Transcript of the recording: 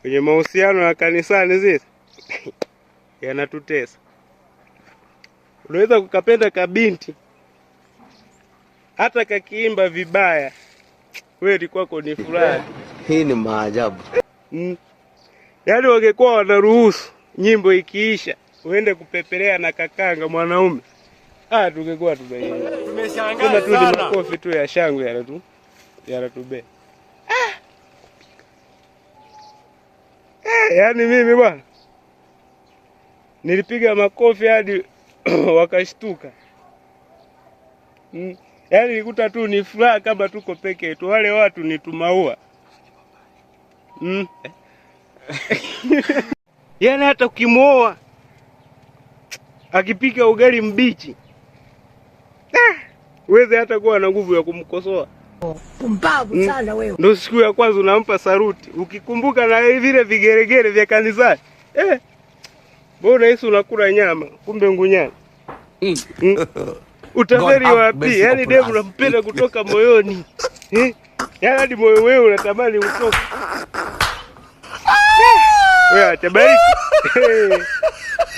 kwenye mahusiano ya kanisani zizi yanatutesa. Unaweza kukapenda kabinti hata kakiimba vibaya, kweli kwako ni furaha. Hii ni maajabu mm. Yaani wangekuwa wanaruhusu nyimbo ikiisha uende kupepelea na kakanga mwanaume, ah, tungekuwa tumeshangaa sana. Tu ni makofi tu ya shangwe yanatubea. yani mimi bwana nilipiga makofi hadi wakashtuka. Mm, yaani nikuta tu ni furaha kama tuko peke yetu, wale watu ni tumaua. Mm. Yani hata ukimwoa akipika ugali mbichi, ah, uweze hata kuwa na nguvu ya kumkosoa. Mm. ndo siku ya kwanza unampa saruti ukikumbuka na vile vigeregere vya kanisani eh. Mbona Yesu unakula nyama kumbe ngunyani mm. mm. utaveri wapi? Yaani demu unampenda kutoka moyoni eh? Yaani hadi moyo wewe unatamani utoke ah! eh. wewe atabariki